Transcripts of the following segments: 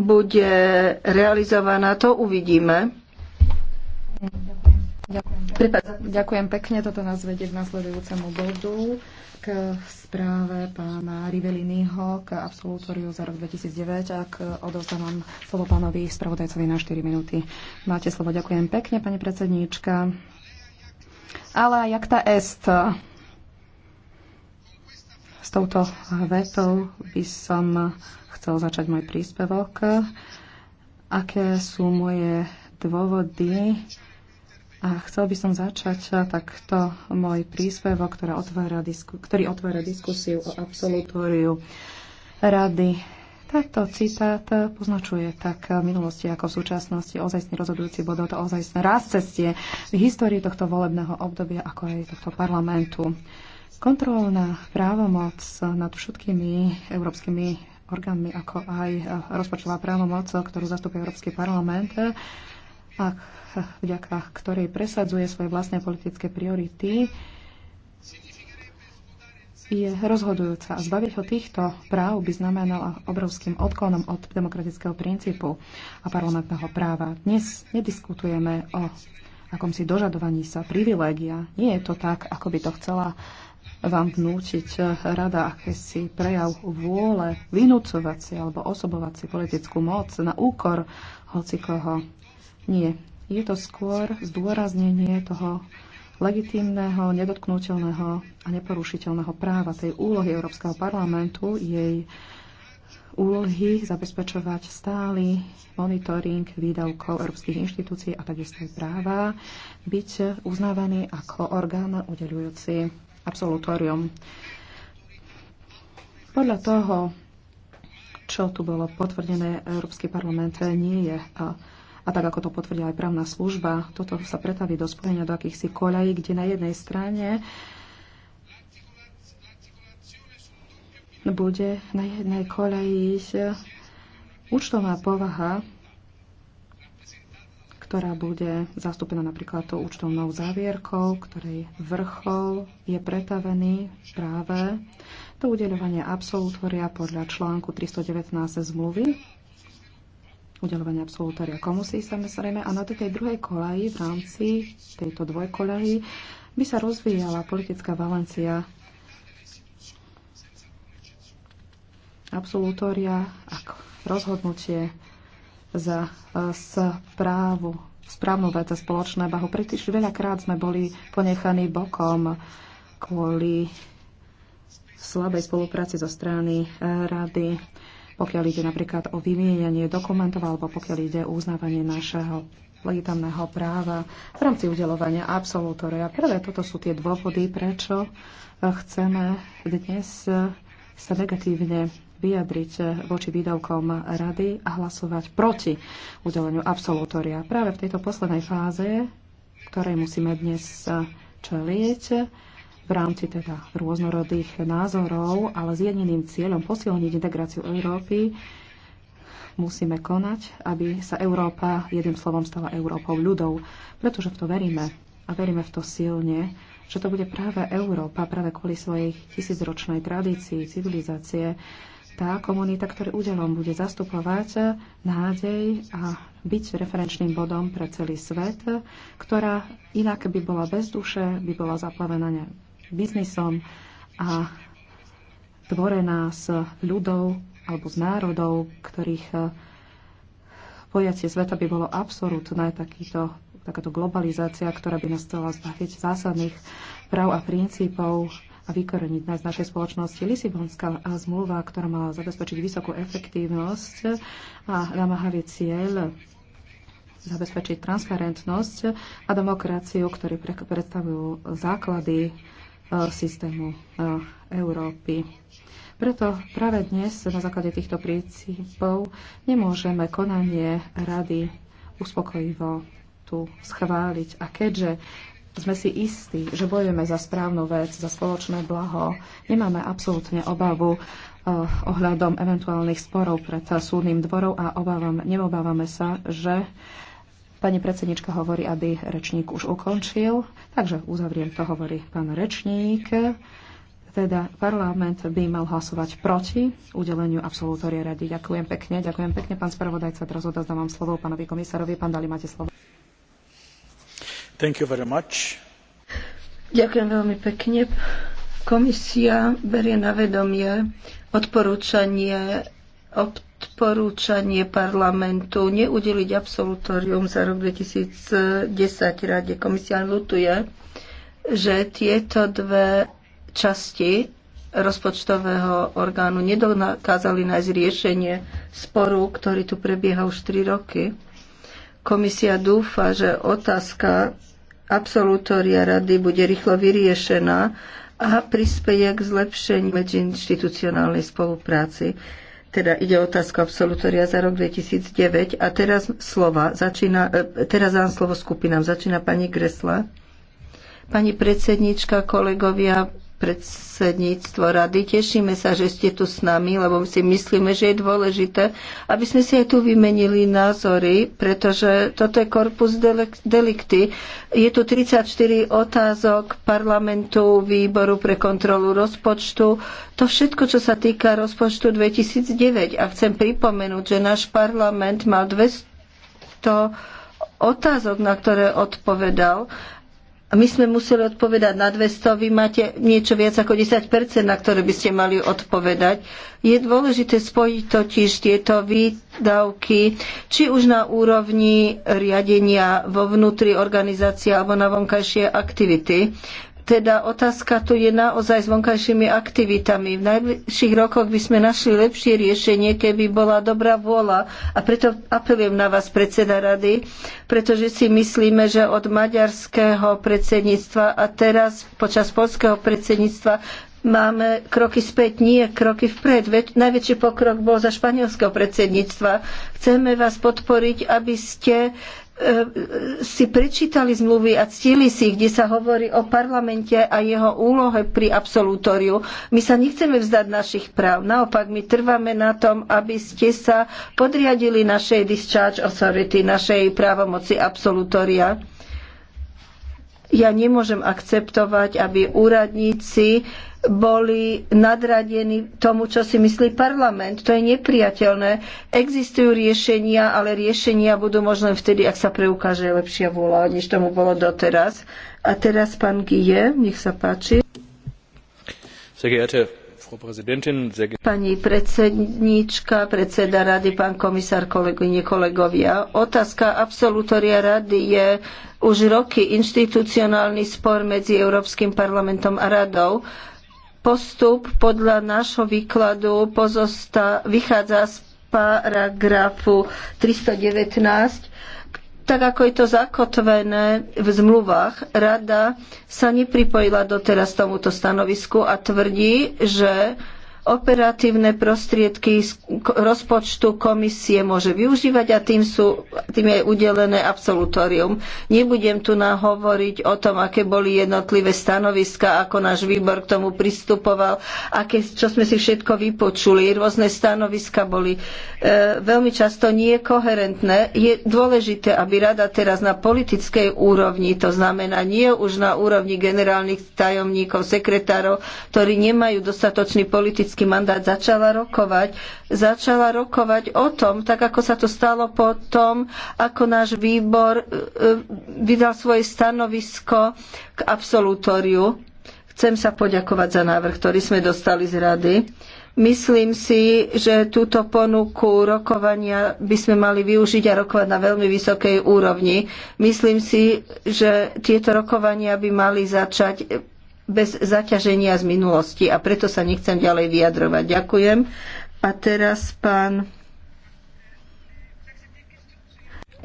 bude realizovaná, to uvidíme. Ďakujem, ďakujem pekne, toto nás vedie k nasledujúcemu bodu, k správe pána Riveliniho k absolútoriu za rok 2009 a k odovzdávam slovo pánovi spravodajcovi na 4 minúty. Máte slovo, ďakujem pekne, pani predsedníčka. Ale jak tá est, s touto vetou by som chcel začať môj príspevok. Aké sú moje dôvody? A chcel by som začať takto môj príspevok, ktorá otvára disku, ktorý otvára diskusiu o absolutóriu rady. Táto citát poznačuje tak v minulosti ako v súčasnosti ozajstný rozhodujúci bod to ozajstné rázcestie v histórii tohto volebného obdobia ako aj tohto parlamentu. Kontrolná právomoc nad všetkými európskymi orgánmi, ako aj rozpočtová právomoc, ktorú zastupuje Európsky parlament, a vďaka ktorej presadzuje svoje vlastné politické priority, je rozhodujúca. A zbaviť ho týchto práv by znamenalo obrovským odklonom od demokratického princípu a parlamentného práva. Dnes nediskutujeme o akomsi dožadovaní sa privilégia. Nie je to tak, ako by to chcela vám vnúčiť eh, rada akési prejav vôle vynúcovať si alebo osobovať si politickú moc na úkor hoci koho. Nie. Je to skôr zdôraznenie toho legitímneho, nedotknúteľného a neporušiteľného práva tej úlohy Európskeho parlamentu, jej úlohy zabezpečovať stály monitoring výdavkov európskych inštitúcií a takisto práva byť uznávaný ako orgán udeľujúci absolutórium. Podľa toho, čo tu bolo potvrdené, Európsky parlament nie je a, a tak, ako to potvrdila aj právna služba, toto sa pretaví do spojenia do akýchsi koľají, kde na jednej strane bude na jednej koľají účtová povaha ktorá bude zastúpená napríklad tou účtovnou závierkou, ktorej vrchol je pretavený práve do udeľovania absolútoria podľa článku 319 zmluvy udelovania absolutória komusí samozrejme a na tej druhej kolaji v rámci tejto dvojkolaji by sa rozvíjala politická Valencia absolutória ako rozhodnutie za e, správu, správnu vec a spoločné baho. Príliš veľakrát sme boli ponechaní bokom kvôli slabej spolupráci zo strany e, rady, pokiaľ ide napríklad o vymienenie dokumentov alebo pokiaľ ide o uznávanie našeho legitimného práva v rámci udelovania absolútoria. Prvé toto sú tie dôvody, prečo e, chceme dnes sa negatívne vyjadriť voči výdavkom rady a hlasovať proti udeleniu absolutória. Práve v tejto poslednej fáze, ktorej musíme dnes čeliť, v rámci teda rôznorodých názorov, ale s jediným cieľom posilniť integráciu Európy, musíme konať, aby sa Európa jedným slovom stala Európou ľudov, pretože v to veríme a veríme v to silne že to bude práve Európa, práve kvôli svojej tisícročnej tradícii, civilizácie, tá komunita, ktorý údelom bude zastupovať nádej a byť referenčným bodom pre celý svet, ktorá inak by bola bez duše, by bola zaplavená biznisom a tvorená z ľudov alebo z národov, ktorých pojatie sveta by bolo absolútne. Takýto takáto globalizácia, ktorá by nás chcela zbaviť zásadných práv a princípov a vykoreniť nás z našej spoločnosti. Lisibonská zmluva, ktorá mala zabezpečiť vysokú efektívnosť a namáhavý cieľ zabezpečiť transparentnosť a demokraciu, ktoré predstavujú základy e, systému e, Európy. Preto práve dnes na základe týchto princípov nemôžeme konanie rady uspokojivo tu schváliť. A keďže sme si istí, že bojujeme za správnu vec, za spoločné blaho, nemáme absolútne obavu eh, ohľadom eventuálnych sporov pred súdnym dvorom a obávam, neobávame sa, že pani predsednička hovorí, aby rečník už ukončil. Takže uzavriem to, hovorí pán rečník. Teda parlament by mal hlasovať proti udeleniu absolutória rady. Ďakujem pekne, ďakujem pekne, pán spravodajca. Teraz odozdávam slovo pánovi komisárovi. Pán Dali, máte slovo. Thank you very much. Ďakujem veľmi pekne. Komisia berie na vedomie odporúčanie, odporúčanie parlamentu neudeliť absolutórium za rok 2010 rade. Komisia lutuje, že tieto dve časti rozpočtového orgánu nedokázali nájsť riešenie sporu, ktorý tu prebieha už 3 roky. Komisia dúfa, že otázka absolutória rady bude rýchlo vyriešená a prispieje k zlepšeniu medziinstitucionálnej spolupráci. Teda ide o otázku absolutória za rok 2009 a teraz slova začína, e, teraz dám slovo skupinám. Začína pani Gresla. Pani predsednička, kolegovia, predsedníctvo rady. Tešíme sa, že ste tu s nami, lebo si myslíme, že je dôležité, aby sme si aj tu vymenili názory, pretože toto je korpus delikty. Je tu 34 otázok parlamentu, výboru pre kontrolu rozpočtu. To všetko, čo sa týka rozpočtu 2009. A chcem pripomenúť, že náš parlament mal 200 otázok, na ktoré odpovedal my sme museli odpovedať na 200, vy máte niečo viac ako 10%, na ktoré by ste mali odpovedať. Je dôležité spojiť totiž tieto výdavky, či už na úrovni riadenia vo vnútri organizácie alebo na vonkajšie aktivity. Teda otázka tu je naozaj s vonkajšími aktivitami. V najbližších rokoch by sme našli lepšie riešenie, keby bola dobrá vôľa. A preto apelujem na vás, predseda rady, pretože si myslíme, že od maďarského predsedníctva a teraz počas polského predsedníctva máme kroky späť, nie kroky vpred. Najväčší pokrok bol za španielského predsedníctva. Chceme vás podporiť, aby ste E, si prečítali zmluvy a ctili si ich, kde sa hovorí o parlamente a jeho úlohe pri absolutóriu. My sa nechceme vzdať našich práv. Naopak, my trváme na tom, aby ste sa podriadili našej discharge authority, našej právomoci absolutória. Ja nemôžem akceptovať, aby úradníci boli nadradení tomu, čo si myslí parlament. To je nepriateľné. Existujú riešenia, ale riešenia budú možno vtedy, ak sa preukáže lepšia vôľa, než tomu bolo doteraz. A teraz pán Gije, nech sa páči. Pani predsedníčka, predseda rady, pán komisár, kolegyne, kolegovia. Otázka absolutoria rady je už roky inštitucionálny spor medzi Európskym parlamentom a radou Postup podľa nášho výkladu pozosta- vychádza z paragrafu 319, tak ako je to zakotvené v zmluvách, rada sa nepripojila doteraz tomuto stanovisku a tvrdí, že operatívne prostriedky z rozpočtu komisie môže využívať a tým, sú, tým je udelené absolutórium. Nebudem tu nahovoriť o tom, aké boli jednotlivé stanoviska, ako náš výbor k tomu pristupoval, aké, čo sme si všetko vypočuli. Rôzne stanoviska boli e, veľmi často niekoherentné. Je dôležité, aby rada teraz na politickej úrovni, to znamená nie už na úrovni generálnych tajomníkov, sekretárov, ktorí nemajú dostatočný politický politický mandát, začala rokovať. Začala rokovať o tom, tak ako sa to stalo po tom, ako náš výbor e, e, vydal svoje stanovisko k absolutóriu. Chcem sa poďakovať za návrh, ktorý sme dostali z rady. Myslím si, že túto ponuku rokovania by sme mali využiť a rokovať na veľmi vysokej úrovni. Myslím si, že tieto rokovania by mali začať bez zaťaženia z minulosti a preto sa nechcem ďalej vyjadrovať. Ďakujem. A teraz pán.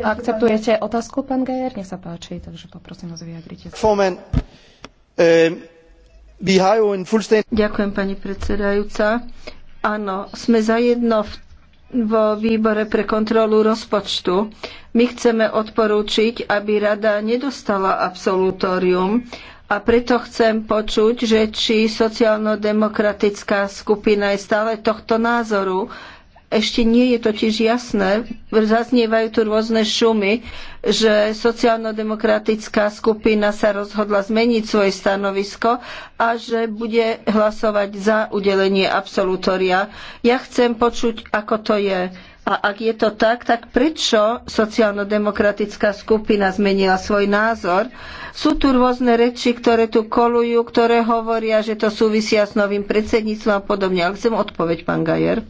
Akceptujete otázku, pán Gajer? Nech sa páči, takže poprosím vás vyjadrite. Ehm, Ďakujem, pani predsedajúca. Áno, sme zajedno v vo výbore pre kontrolu rozpočtu. My chceme odporúčiť, aby rada nedostala absolutórium, a preto chcem počuť, že či sociálno-demokratická skupina je stále tohto názoru. Ešte nie je totiž jasné, zaznievajú tu rôzne šumy, že sociálno-demokratická skupina sa rozhodla zmeniť svoje stanovisko a že bude hlasovať za udelenie absolutória. Ja chcem počuť, ako to je a ak je to tak, tak prečo sociálno-demokratická skupina zmenila svoj názor? Sú tu rôzne reči, ktoré tu kolujú, ktoré hovoria, že to súvisia s novým predsedníctvom a podobne. Ale chcem odpoveď, pán Gajer.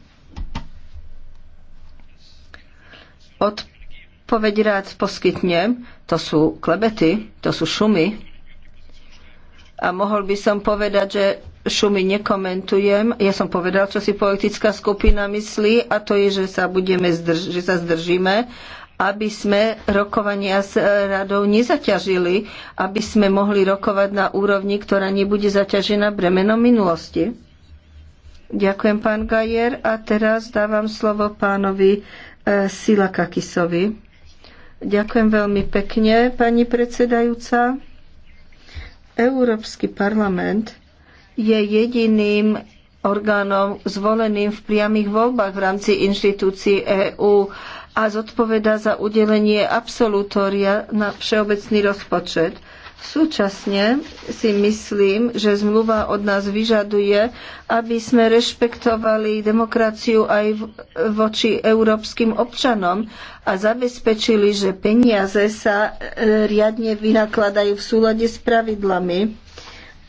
Odpoveď rád poskytnem. To sú klebety, to sú šumy. A mohol by som povedať, že šumy nekomentujem. Ja som povedal, čo si politická skupina myslí a to je, že sa, budeme zdrž- že sa zdržíme, aby sme rokovania s radou nezaťažili, aby sme mohli rokovať na úrovni, ktorá nebude zaťažená bremenom minulosti. Ďakujem, pán Gajer. A teraz dávam slovo pánovi e, Silakakisovi. Ďakujem veľmi pekne, pani predsedajúca. Európsky parlament je jediným orgánom zvoleným v priamých voľbách v rámci inštitúcií EÚ a zodpoveda za udelenie absolutória na všeobecný rozpočet. Súčasne si myslím, že zmluva od nás vyžaduje, aby sme rešpektovali demokraciu aj voči európskym občanom a zabezpečili, že peniaze sa e, riadne vynakladajú v súlade s pravidlami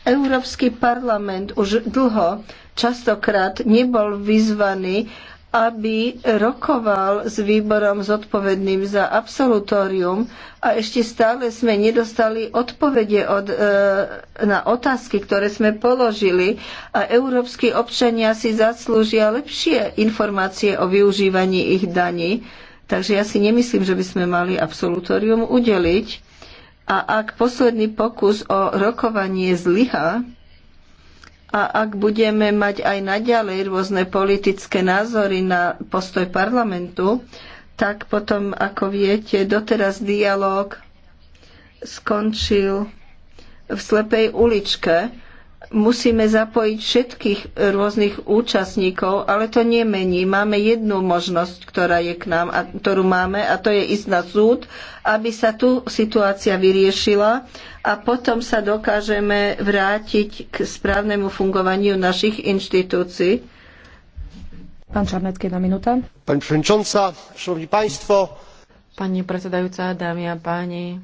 Európsky parlament už dlho častokrát nebol vyzvaný, aby rokoval s výborom zodpovedným za absolutórium a ešte stále sme nedostali odpovede od, e, na otázky, ktoré sme položili a európsky občania si zaslúžia lepšie informácie o využívaní ich daní. Takže ja si nemyslím, že by sme mali absolutórium udeliť. A ak posledný pokus o rokovanie zlyha, a ak budeme mať aj naďalej rôzne politické názory na postoj parlamentu, tak potom, ako viete, doteraz dialog skončil v slepej uličke, musíme zapojiť všetkých rôznych účastníkov, ale to nemení. Máme jednu možnosť, ktorá je k nám, a ktorú máme, a to je ísť na súd, aby sa tu situácia vyriešila a potom sa dokážeme vrátiť k správnemu fungovaniu našich inštitúcií. Pán Čarnecký, jedna minúta. Pani predsedajúca, dámy a páni,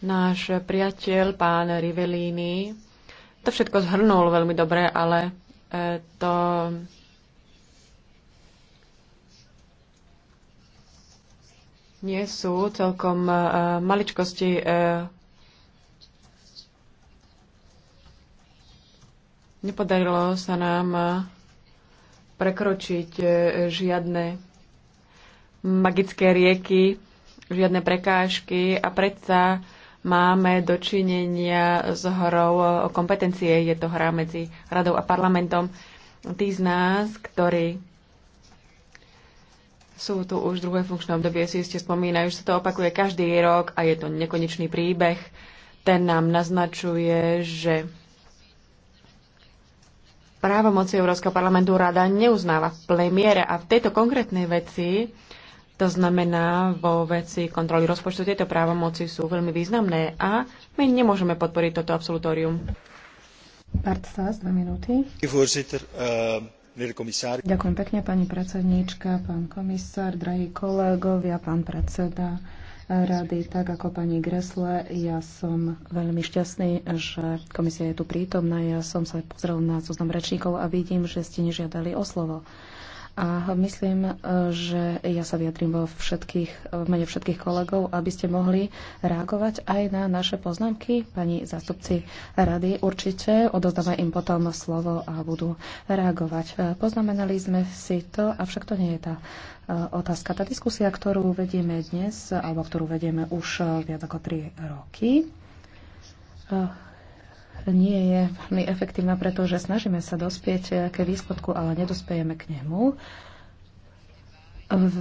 Náš priateľ, pán Rivellini, to všetko zhrnul veľmi dobre, ale e, to nie sú celkom e, maličkosti. E, nepodarilo sa nám prekročiť žiadne magické rieky, žiadne prekážky a predsa máme dočinenia s hrou o kompetencie. Je to hra medzi radou a parlamentom. Tí z nás, ktorí sú tu už druhé funkčné obdobie, si ste spomínajú, že sa to opakuje každý rok a je to nekonečný príbeh. Ten nám naznačuje, že právomoci Európskeho parlamentu rada neuznáva v plnej a v tejto konkrétnej veci to znamená, vo veci kontroly rozpočtu tieto právomoci sú veľmi významné a my nemôžeme podporiť toto absolutórium. Bart dve minúty. Ehm, Ďakujem pekne, pani predsedníčka, pán komisár, drahí kolegovia, pán predseda rady, tak ako pani Gresle. Ja som veľmi šťastný, že komisia je tu prítomná. Ja som sa pozrel na zoznam rečníkov a vidím, že ste nežiadali o slovo. A myslím, že ja sa vyjadrím vo všetkých, v mene všetkých kolegov, aby ste mohli reagovať aj na naše poznámky. Pani zástupci rady určite odozdáme im potom slovo a budú reagovať. Poznamenali sme si to, avšak to nie je tá eh, otázka. Tá diskusia, ktorú vedieme dnes, alebo ktorú vedieme už eh, viac ako tri roky, eh, nie je veľmi efektívna, pretože snažíme sa dospieť ke výsledku, ale nedospejeme k nemu. V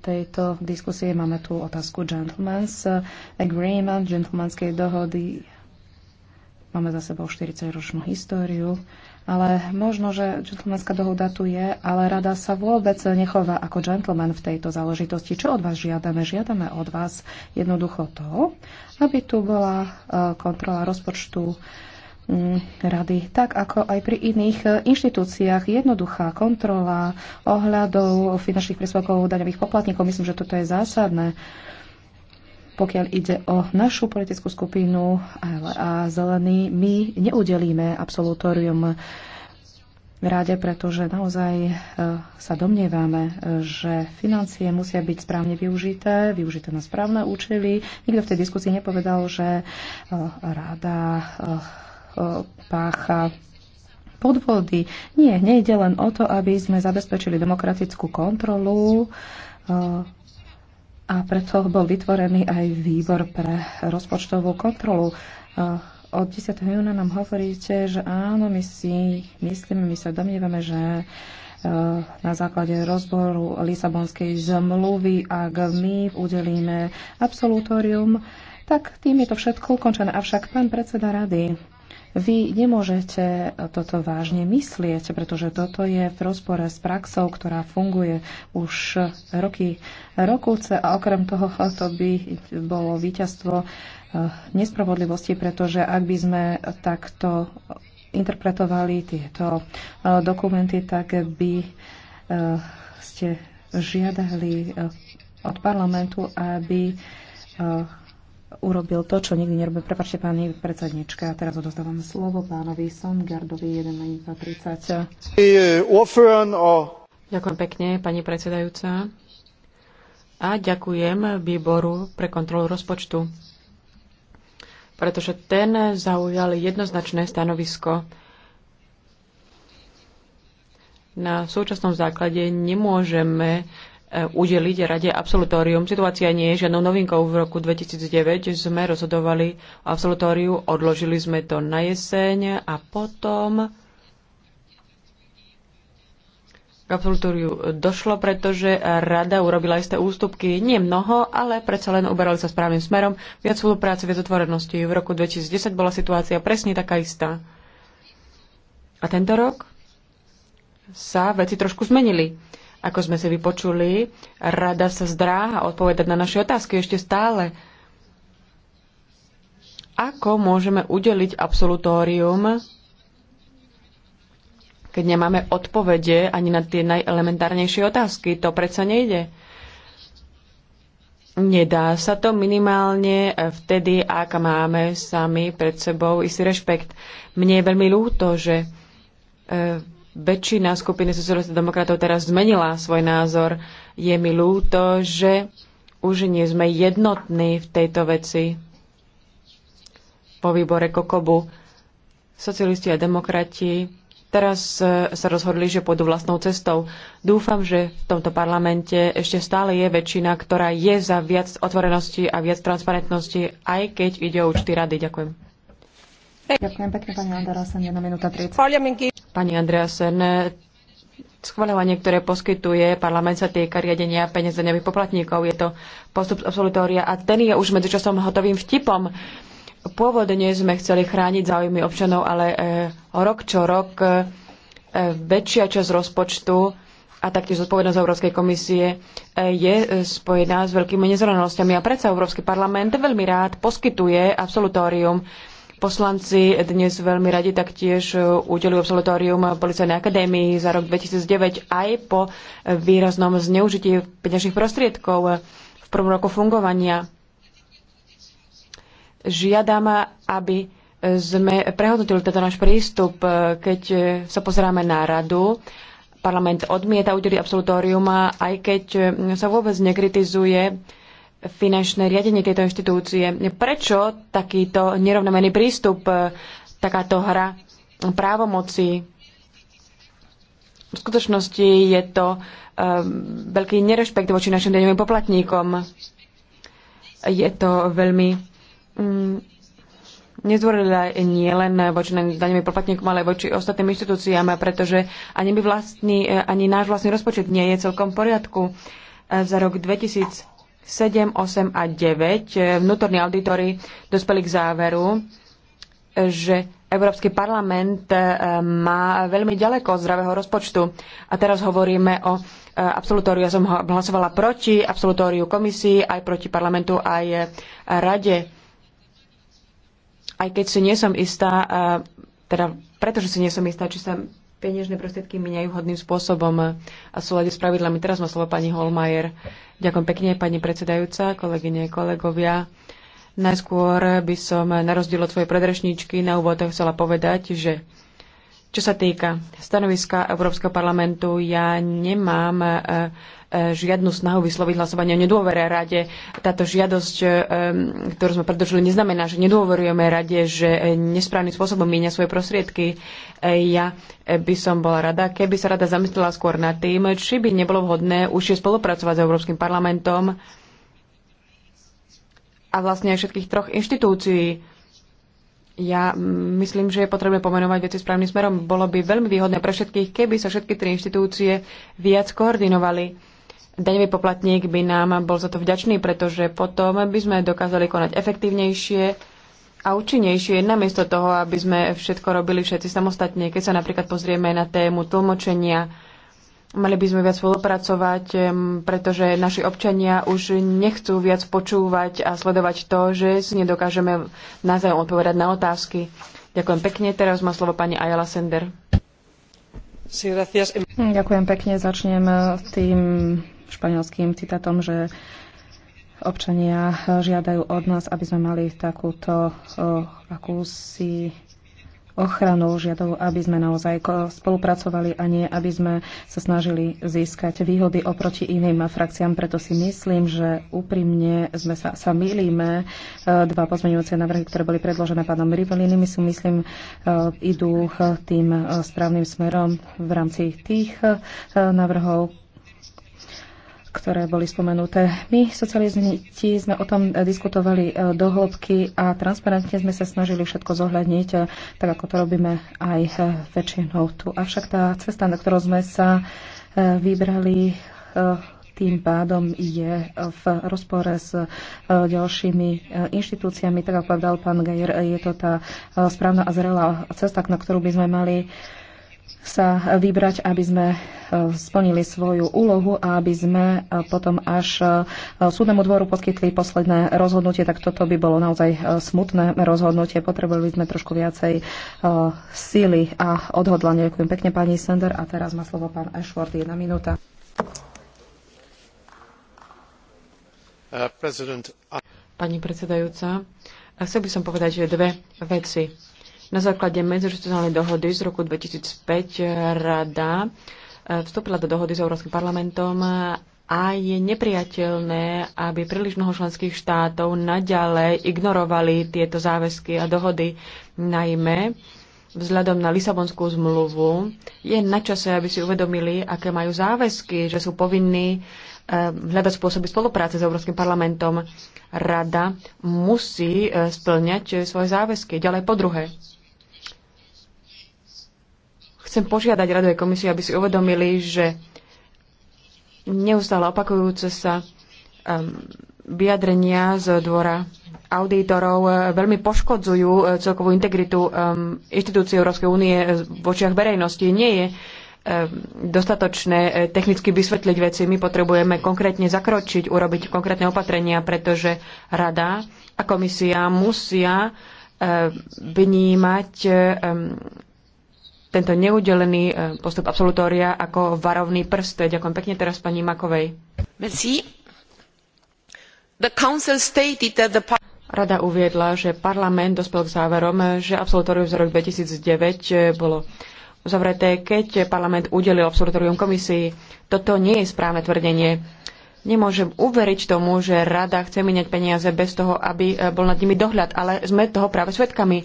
tejto diskusii máme tu otázku gentleman's agreement, gentlemanskej dohody. Máme za sebou 40-ročnú históriu ale možno, že džentlmenská dohoda tu je, ale rada sa vôbec nechová ako džentlmen v tejto záležitosti. Čo od vás žiadame? Žiadame od vás jednoducho to, aby tu bola e, kontrola rozpočtu mm, rady, tak ako aj pri iných e, inštitúciách. Jednoduchá kontrola ohľadov finančných príspevkov daňových poplatníkov, myslím, že toto je zásadné. Pokiaľ ide o našu politickú skupinu a zelený, my neudelíme absolutórium rade, pretože naozaj e, sa domnievame, e, že financie musia byť správne využité, využité na správne účely. Nikto v tej diskusii nepovedal, že e, rada pácha podvody. Nie, nejde len o to, aby sme zabezpečili demokratickú kontrolu a preto bol vytvorený aj výbor pre rozpočtovú kontrolu. Od 10. júna nám hovoríte, že áno, my si myslíme, my sa domnievame, že e, na základe rozboru Lisabonskej zmluvy, ak my udelíme absolutórium, tak tým je to všetko ukončené. Avšak pán predseda rady vy nemôžete toto vážne myslieť, pretože toto je v rozpore s praxou, ktorá funguje už roky, rokúce a okrem toho to by bolo víťazstvo eh, nespravodlivosti, pretože ak by sme takto interpretovali tieto eh, dokumenty, tak by eh, ste žiadali od parlamentu, aby urobil to, čo nikdy nerobil. Prepačte, pani predsednička, teraz odostávam slovo pánovi Songardovi, 1 30. Ďakujem pekne, pani predsedajúca. A ďakujem výboru pre kontrolu rozpočtu, pretože ten zaujal jednoznačné stanovisko. Na súčasnom základe nemôžeme Eh, udeliť Rade absolutórium. Situácia nie je žiadnou novinkou. V roku 2009 sme rozhodovali o absolutóriu, odložili sme to na jeseň a potom k absolutóriu došlo, pretože Rada urobila isté ústupky, nie mnoho, ale predsa len uberali sa správnym smerom. Viac spolupráce, viac otvorenosti. V roku 2010 bola situácia presne taká istá. A tento rok sa veci trošku zmenili ako sme si vypočuli, rada sa zdráha odpovedať na naše otázky ešte stále. Ako môžeme udeliť absolutórium, keď nemáme odpovede ani na tie najelementárnejšie otázky? To predsa nejde. Nedá sa to minimálne vtedy, ak máme sami pred sebou istý rešpekt. Mne je veľmi ľúto, že eh, väčšina skupiny socialistov demokratov teraz zmenila svoj názor. Je mi ľúto, že už nie sme jednotní v tejto veci po výbore Kokobu. Socialisti a demokrati teraz e, sa rozhodli, že pôjdu vlastnou cestou. Dúfam, že v tomto parlamente ešte stále je väčšina, ktorá je za viac otvorenosti a viac transparentnosti, aj keď ide o účty rady. Ďakujem. Ďakujem pekne, pani Andreasen, 1 minúta 30. Pani Andreasen, schváľovanie, ktoré poskytuje parlament sa týka riadenia peniaze daňových poplatníkov. Je to postup z absolutória a ten je už medzičasom hotovým vtipom. Pôvodne sme chceli chrániť záujmy občanov, ale e, rok čo rok e, e, väčšia časť rozpočtu a taktiež zodpovednosť Európskej komisie e, je e, spojená s veľkými nezrovnalosťami. A predsa Európsky parlament veľmi rád poskytuje absolutórium Poslanci dnes veľmi radi taktiež e, udelujú absolutórium Policajnej akadémii za rok 2009 aj po výraznom zneužití peňažných prostriedkov v prvom roku fungovania. Žiadam, aby sme prehodnotili tento náš prístup, keď sa pozeráme na radu. Parlament odmieta udeliť absolutórium, aj keď sa vôbec nekritizuje finančné riadenie tejto inštitúcie. Prečo takýto nerovnomený prístup, e, takáto hra právomoci? V skutočnosti je to um, veľký nerešpekt voči našim daňovým poplatníkom. Je to veľmi um, mm, nezvorila nie len voči daňovým poplatníkom, ale voči ostatným inštitúciám, pretože ani, by vlastný, e, ani náš vlastný rozpočet nie je celkom v poriadku. Za rok 2000 7, 8 a 9 eh, vnútorní auditory dospeli k záveru, že Európsky parlament eh, má veľmi ďaleko od zdravého rozpočtu. A teraz hovoríme o eh, absolutóriu. Ja som hlasovala proti absolutóriu komisii, aj proti parlamentu, aj rade. Aj keď si nie som istá, teda pretože si nie som istá, či sa peniežné prostriedky minajú vhodným spôsobom a v s pravidlami. Teraz má slovo pani Holmajer. Ďakujem pekne, pani predsedajúca, kolegyne, kolegovia. Najskôr by som na rozdiel od svojej predrešničky na úvod chcela povedať, že čo sa týka stanoviska Európskeho parlamentu, ja nemám eh, žiadnu snahu vysloviť hlasovanie o nedôvere rade. Táto žiadosť, e, ktorú sme predložili, neznamená, že nedôverujeme rade, že nesprávnym spôsobom míňa svoje prostriedky. E, ja e, by som bola rada, keby sa rada zamyslela skôr nad tým, či by nebolo vhodné už je spolupracovať s Európskym parlamentom a vlastne aj všetkých troch inštitúcií. Ja myslím, že je potrebné pomenovať veci správnym smerom. Bolo by veľmi výhodné pre všetkých, keby sa všetky tri inštitúcie viac koordinovali daňový poplatník by nám bol za to vďačný, pretože potom by sme dokázali konať efektívnejšie a účinnejšie, namiesto toho, aby sme všetko robili všetci samostatne. Keď sa napríklad pozrieme na tému tlmočenia, mali by sme viac spolupracovať, pretože naši občania už nechcú viac počúvať a sledovať to, že si nedokážeme názajom odpovedať na otázky. Ďakujem pekne. Teraz má slovo pani Ayala Sender. Ďakujem pekne. Začnem tým španielským citátom, že občania žiadajú od nás, aby sme mali takúto oh, akúsi ochranu, žiadajú, aby sme naozaj spolupracovali a nie, aby sme sa snažili získať výhody oproti iným frakciám. Preto si myslím, že úprimne sme sa, sa milíme. E, dva pozmeňujúce návrhy, ktoré boli predložené pánom Rivelinim, my si myslím, e, idú e, tým správnym smerom v rámci tých návrhov, ktoré boli spomenuté. My, socialisti, sme o tom diskutovali e, do hĺbky a transparentne sme sa snažili všetko zohľadniť, e, tak ako to robíme aj e, väčšinou tu. Avšak tá cesta, na ktorú sme sa vybrali, tým pádom je v rozpore s ďalšími inštitúciami. Tak ako povedal pán Gajer, je to tá správna a zrelá cesta, na ktorú by sme mali sa vybrať, aby sme e, splnili svoju úlohu a aby sme e, potom až e, súdnemu dvoru poskytli posledné rozhodnutie, tak toto by bolo naozaj smutné rozhodnutie. Potrebovali sme trošku viacej síly a odhodlania. Ďakujem pekne pani Sender a teraz má slovo pán Ashford. Jedna minúta. Uh, pani predsedajúca, chcel by som povedať že dve veci na základe medzištitucionálnej dohody z roku 2005 rada eh, vstúpila do dohody s Európskym parlamentom a je nepriateľné, aby príliš mnoho členských štátov naďalej ignorovali tieto záväzky a dohody. Najmä vzhľadom na Lisabonskú zmluvu je na čase, aby si uvedomili, aké majú záväzky, že sú povinní Eh, hľadať spôsoby spolupráce s Európskym parlamentom. Rada musí eh, splňať eh, svoje záväzky. Ďalej po druhé, chcem požiadať Radu aj komisiu, aby si uvedomili, že neustále opakujúce sa ehm, vyjadrenia z dvora auditorov veľmi poškodzujú celkovú integritu ehm, inštitúcií Európskej únie v očiach verejnosti. Nie je Ehm, dostatočné e, technicky vysvetliť veci. My potrebujeme konkrétne zakročiť, urobiť konkrétne opatrenia, pretože rada a komisia musia e, vnímať e, ehm, tento neudelený postup absolutória ako varovný prst. Ďakujem pekne teraz pani Makovej. Merci. The council stated that the Rada uviedla, že parlament dospel k záverom, že absolutórium za rok 2009 bolo uzavreté, keď parlament udelil absolutorium komisii. Toto nie je správne tvrdenie. Nemôžem uveriť tomu, že rada chce miniať peniaze bez toho, aby e, bol nad nimi dohľad, ale sme toho práve svedkami.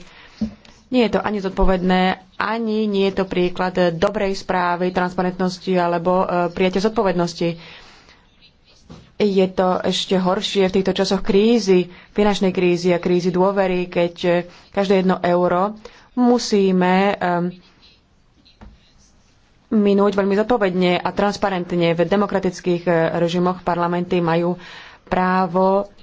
Nie je to ani zodpovedné, ani nie je to príklad dobrej správy, transparentnosti alebo e, prijatia zodpovednosti. Je to ešte horšie v týchto časoch krízy, finančnej krízy a krízy dôvery, keď e, každé jedno euro musíme minúť veľmi zodpovedne a transparentne. V demokratických e, režimoch parlamenty majú právo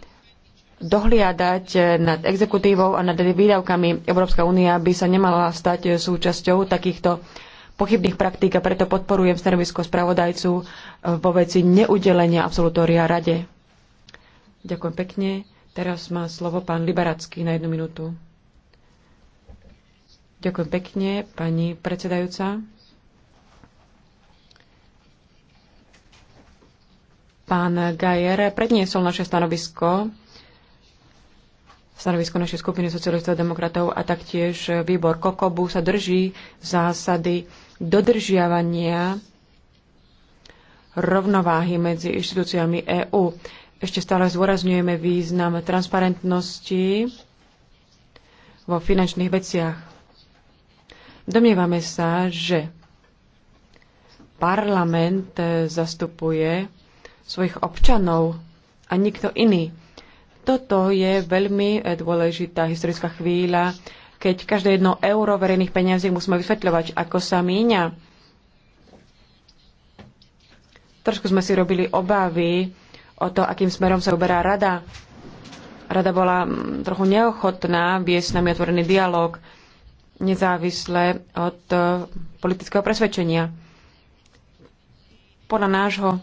dohliadať e, nad exekutívou a nad výdavkami. Európska únia by sa nemala stať e, súčasťou takýchto pochybných praktík a preto podporujem stanovisko spravodajcu vo veci neudelenia absolutória rade. Ďakujem pekne. Teraz má slovo pán Liberacký na jednu minútu. Ďakujem pekne, pani predsedajúca. Pán Gajer predniesol naše stanovisko, stanovisko našej skupiny socialistov a demokratov a taktiež výbor Kokobu sa drží zásady dodržiavania rovnováhy medzi inštitúciami EÚ. Ešte stále zdôrazňujeme význam transparentnosti vo finančných veciach. Domnievame sa, že parlament zastupuje svojich občanov a nikto iný. Toto je veľmi eh, dôležitá historická chvíľa, keď každé jedno euro verejných peniazí musíme vysvetľovať, ako sa míňa. Trošku sme si robili obavy o to, akým smerom sa uberá rada. Rada bola mm, trochu neochotná viesť s nami otvorený dialog, nezávisle od eh, politického presvedčenia. Podľa nášho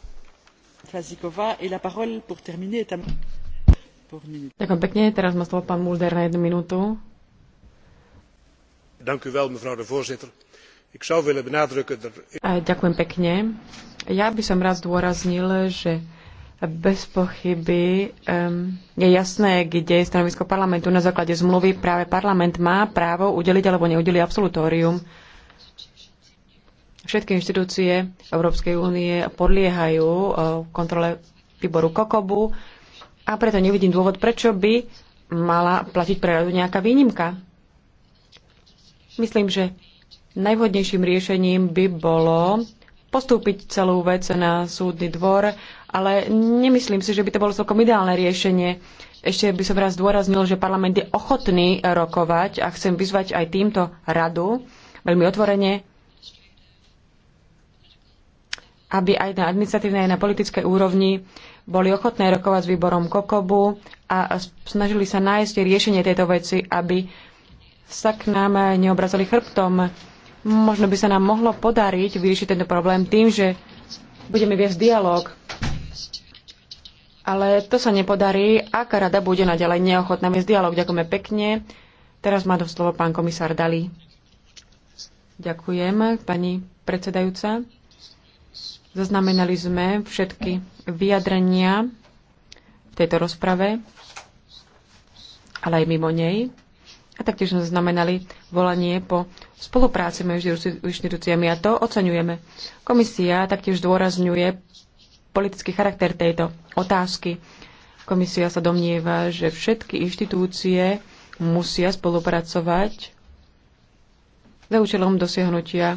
Ďakujem pekne, teraz má slovo pán Mulder na jednu minútu. Ďakujem pekne. Ja by som raz zdôraznil, že bez pochyby um, je jasné, kde je stanovisko parlamentu. Na základe zmluvy práve parlament má právo udeliť alebo neudeliť absolutórium. Uh, Všetky inštitúcie Európskej únie podliehajú e, kontrole výboru Kokobu a preto nevidím dôvod, prečo by mala platiť pre radu nejaká výnimka. Myslím, že najvhodnejším riešením by bolo postúpiť celú vec na súdny dvor, ale nemyslím si, že by to bolo celkom ideálne riešenie. Ešte by som raz zdôraznil, že parlament je ochotný rokovať a chcem vyzvať aj týmto radu veľmi otvorene, aby aj na administratívnej, aj na politickej úrovni boli ochotné rokovať s výborom Kokobu a snažili sa nájsť riešenie tejto veci, aby sa k nám neobrazili chrbtom. Možno by sa nám mohlo podariť vyriešiť tento problém tým, že budeme viesť dialog. Ale to sa nepodarí, ak rada bude naďalej neochotná viesť dialog. Ďakujeme pekne. Teraz má do slovo pán komisár Dali. Ďakujem, pani predsedajúca. Zaznamenali sme všetky vyjadrenia v tejto rozprave, ale aj mimo nej. A taktiež sme zaznamenali volanie po spolupráci medzi inštitúciami a to oceňujeme. Komisia taktiež zdôrazňuje politický charakter tejto otázky. Komisia sa domnieva, že všetky inštitúcie musia spolupracovať za účelom dosiahnutia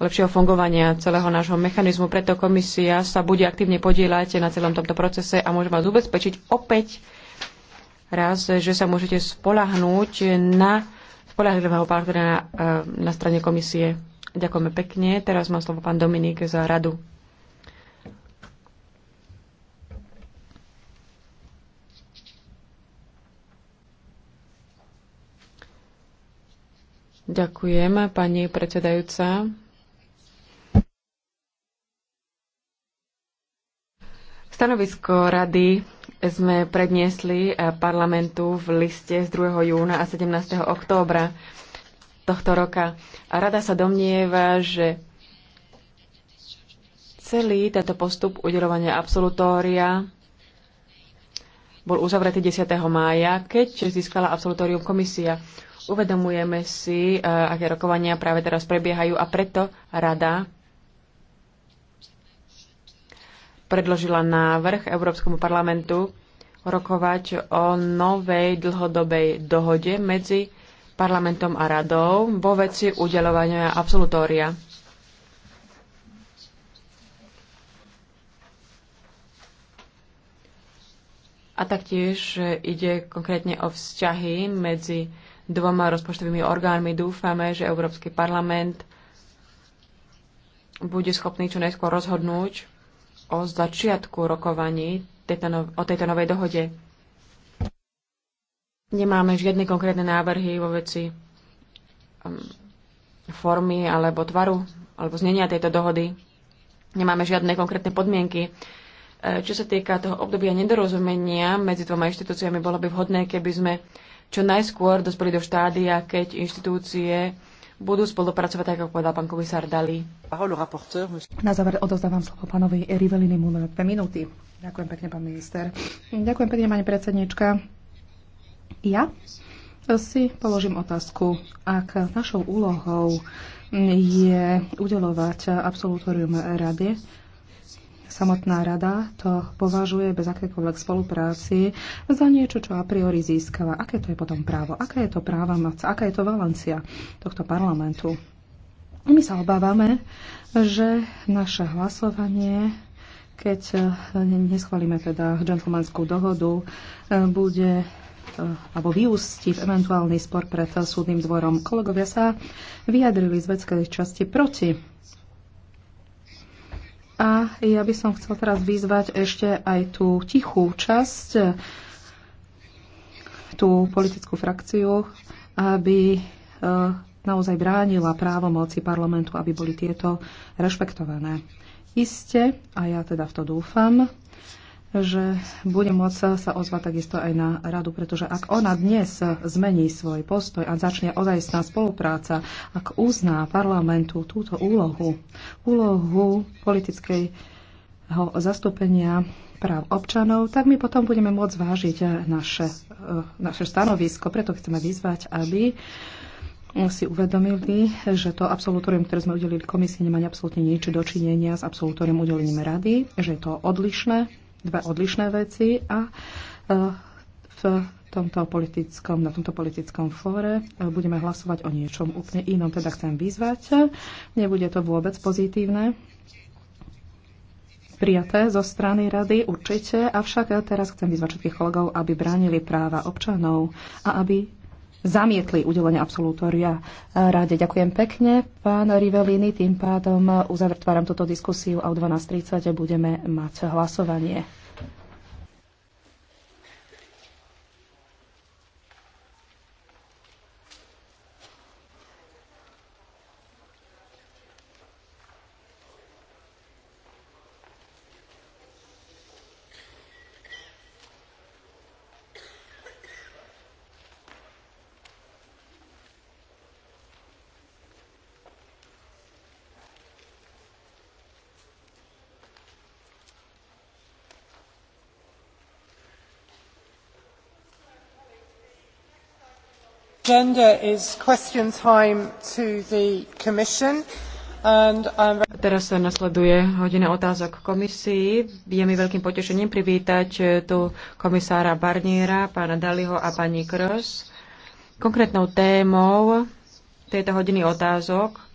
lepšieho fungovania celého nášho mechanizmu. Preto komisia sa bude aktívne podieľať na celom tomto procese a môžem vás ubezpečiť opäť raz, že sa môžete spolahnúť na spolahlivého partnera na, e, na strane komisie. Ďakujeme pekne. Teraz má slovo pán Dominik za radu. Ďakujem, pani predsedajúca. Stanovisko rady sme predniesli eh, parlamentu v liste z 2. júna a 17. októbra tohto roka. A rada sa domnieva, že celý tento postup udelovania absolutória bol uzavretý 10. mája, keď získala absolutórium komisia. Uvedomujeme si, eh, aké rokovania práve teraz prebiehajú a preto rada predložila návrh Európskemu parlamentu rokovať o novej dlhodobej dohode medzi parlamentom a radou vo veci udelovania absolutória. A taktiež ide konkrétne o vzťahy medzi dvoma rozpočtovými orgánmi. Dúfame, že Európsky parlament bude schopný čo najskôr rozhodnúť o začiatku rokovaní o tejto novej dohode. Nemáme žiadne konkrétne návrhy vo veci um, formy alebo tvaru alebo znenia tejto dohody. Nemáme žiadne konkrétne podmienky. E, čo sa týka toho obdobia nedorozumenia medzi dvoma inštitúciami, bolo by vhodné, keby sme čo najskôr dospeli do štádia, keď inštitúcie budú spolupracovať, tak ako povedal pán komisár Dali. Na záver odozdávam slovo pánovi Rivelini na 2 minúty. Ďakujem pekne, pán minister. Ďakujem pekne, pani predsednička. Ja si položím otázku, ak našou úlohou je udelovať absolutórium rady, Samotná rada to považuje bez akékoľvek spolupráci za niečo, čo a priori získava. Aké to je potom právo? Aká je to práva moc? Aká je to valencia tohto parlamentu? My sa obávame, že naše hlasovanie keď eh, neschválime teda džentlmanskú dohodu, eh, bude eh, alebo vyústi v eventuálny spor pred súdnym dvorom. Kolegovia sa vyjadrili z vedskej časti proti a ja by som chcel teraz vyzvať ešte aj tú tichú časť, tú politickú frakciu, aby e, naozaj bránila právo moci parlamentu, aby boli tieto rešpektované. Iste, a ja teda v to dúfam, že bude môcť sa ozvať takisto aj na radu, pretože ak ona dnes zmení svoj postoj a začne ozajstná spolupráca, ak uzná parlamentu túto úlohu, úlohu politického zastúpenia práv občanov, tak my potom budeme môcť vážiť naše, eh, naše stanovisko. Preto chceme vyzvať, aby si uvedomili, že to absolutórium, ktoré sme udelili komisii, nemá absolútne nič dočinenia s absolutórium udelením rady, že je to odlišné dve odlišné veci a e, v tomto politickom, na tomto politickom fóre e, budeme hlasovať o niečom úplne inom. Teda chcem vyzvať, nebude to vôbec pozitívne, prijaté zo strany rady, určite, avšak ja teraz chcem vyzvať všetkých kolegov, aby bránili práva občanov a aby zamietli udelenie absolutória eh, ráde. Ďakujem pekne, pán Rivelini. Tým pádom eh, uzavrtváram túto diskusiu a o 12.30 budeme mať hlasovanie. Teraz sa nasleduje hodina otázok komisii. Je mi veľkým potešením privítať eh, tu komisára Barniera, pána dalliho a pani kroes Konkrétnou témou tejto hodiny otázok